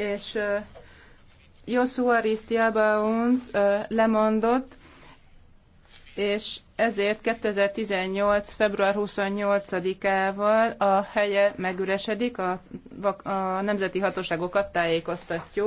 és Joshua Ristiabaunz lemondott, és ezért 2018. február 28-ával a helye megüresedik, a, a nemzeti hatóságokat tájékoztatjuk.